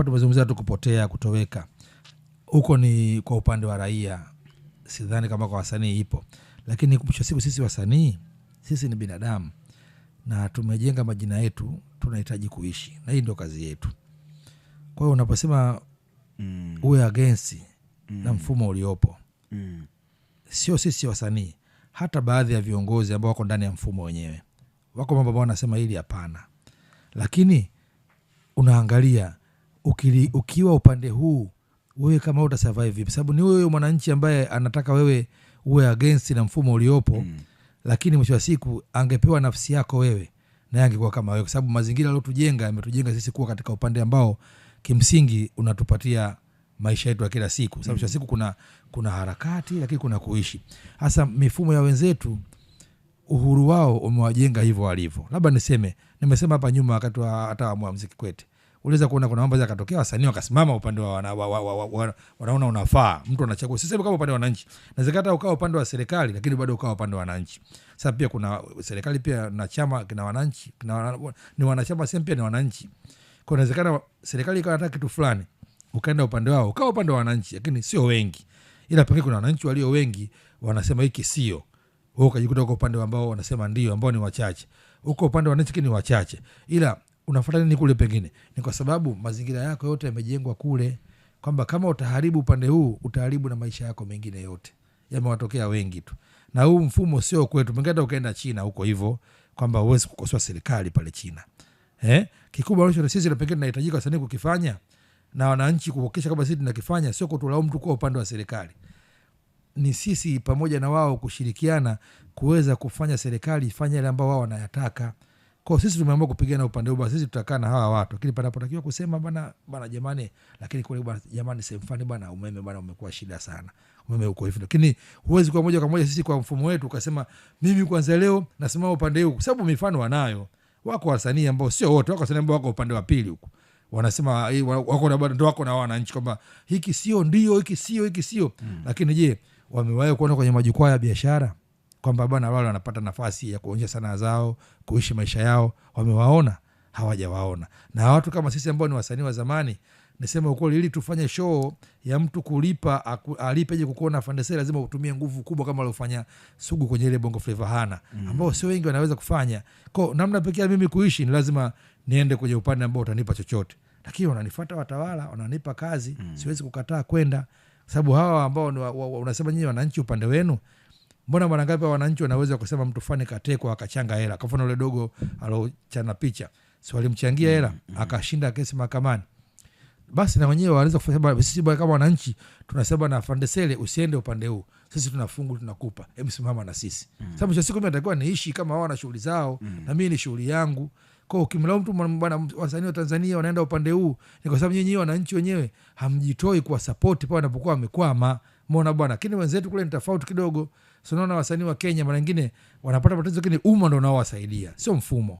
hapa tumezungumzia tu kupotea, kutoweka huko ni kwa upande wa raia, sidhani kama kwa wasanii ipo, lakini mwisho siku sisi wasanii, sisi ni binadamu na tumejenga majina yetu, tunahitaji kuishi na hii ndio kazi yetu. Kwa hiyo unaposema mm. uwe agensi mm. na mfumo uliopo mm. sio sisi wasanii, hata baadhi ya viongozi ambao wako ndani ya mfumo wenyewe, wako mambo ambao wanasema hili hapana, lakini unaangalia ukili, ukiwa upande huu wewe kama survive vipi? Sababu ni wewe mwananchi ambaye anataka wewe uwe against na mfumo uliopo mm. Lakini mwisho wa siku angepewa nafsi yako wewe, naye angekuwa kama wewe, kwa sababu mazingira aliotujenga yametujenga sisi kuwa katika upande ambao kimsingi unatupatia maisha yetu ya kila siku, sababu mwisho wa mm. siku kuna, kuna harakati lakini kuna kuishi. Hasa mifumo ya wenzetu uhuru wao umewajenga hivyo walivyo. Labda niseme nimesema hapa nyuma wakati hata wa muziki Kikwete uliweza kuona kuna mambo yakatokea, wasanii wakasimama upande wa wanaona wa, wa, wa, wa, unafaa, mtu anachagua. Sisi kama upande wa wananchi, nawezekana ukawa upande wa serikali, lakini bado ukawa upande wa wananchi. Sasa pia kuna serikali pia na chama kina wananchi kina, ni wanachama sehemu pia ni wananchi, kwa inawezekana serikali ikawa nataka kitu fulani, ukaenda upande wao, ukawa upande wa wananchi, lakini sio wengi, ila pengine kuna wananchi walio wengi wanasema hiki sio, wewe ukajikuta uko upande ambao wanasema ndio, ambao ni wachache, uko upande wa wananchi, lakini ni wachache, ila unafuata nini kule pengine ni kwa sababu mazingira yako yote yamejengwa kule kwamba kama utaharibu upande huu utaharibu na maisha yako mengine yote yamewatokea wengi tu na huu mfumo sio kwetu pengine hata ukaenda china huko hivyo kwamba uwezi kukosoa serikali pale china eh? kikubwa ambacho sisi na pengine tunahitajika wasanii kukifanya na wananchi kuhakikisha kama sisi tunakifanya sio kutulaumu tu kwa upande wa serikali ni sisi pamoja na wao kushirikiana kuweza kufanya serikali ifanye yale ambao wao wanayataka kwao. Sisi tumeamua kupigana upande huu, sisi tutakaa na hawa watu, lakini panapotakiwa kusema bana, bana jamani, lakini kule bana jamani, sehemu fulani bana, umeme bana umekuwa shida sana, umeme uko hivi. Lakini huwezi kwa moja kwa moja sisi kwa mfumo wetu ukasema mimi kwanza leo nasimama upande huu, kwa sababu mifano wanayo. Wako wasanii ambao sio wote, wako wasanii ambao wako upande wa pili huko wanasema wako na bado wako na wananchi kwamba hiki sio ndio, hiki sio, hiki sio mm. Lakini je, wamewahi kuona kwenye majukwaa ya biashara kwamba bwana wale wanapata nafasi ya kuonyesha sanaa zao kuishi maisha yao wamewaona hawajawaona na watu kama sisi ambao ni wasanii wa zamani nisema ukweli ili tufanye show ya mtu kulipa alipeje kukuona fandese lazima utumie nguvu kubwa kama aliofanya sugu kwenye ile bongo fleva hana mm. ambao sio wengi wanaweza kufanya ko namna pekee mimi kuishi ni lazima niende kwenye upande ambao utanipa chochote lakini wananifata watawala wananipa kazi mm. siwezi kukataa kwenda sababu hawa ambao unasema nyinyi wananchi upande wenu mbona mara ngapi wananchi wanaweza kusema mtu fulani katekwa akachanga hela. Kwa mfano yule dogo alochana picha, si walimchangia hela mm, mm. akashinda kesi mahakamani, basi na wenyewe wanaweza kusema sisi kama wananchi tunasema na afande Sele, usiende upande huu, sisi tunafungu tunakupa, hebu simama na sisi mm. Sababu cha siku mimi natakiwa niishi kama wao na shughuli zao mm. na mimi ni shughuli yangu kwa ukimlaumu mtu bwana, wasanii wa Tanzania wanaenda upande huu, ni kwa sababu nyinyi wananchi wenyewe hamjitoi support pale wanapokuwa wamekwama mona bwana. Lakini wenzetu kule ni tofauti kidogo, sinaona wasanii wa Kenya mara nyingine wanapata matatizo, lakini umma ndo unaowasaidia, sio mfumo.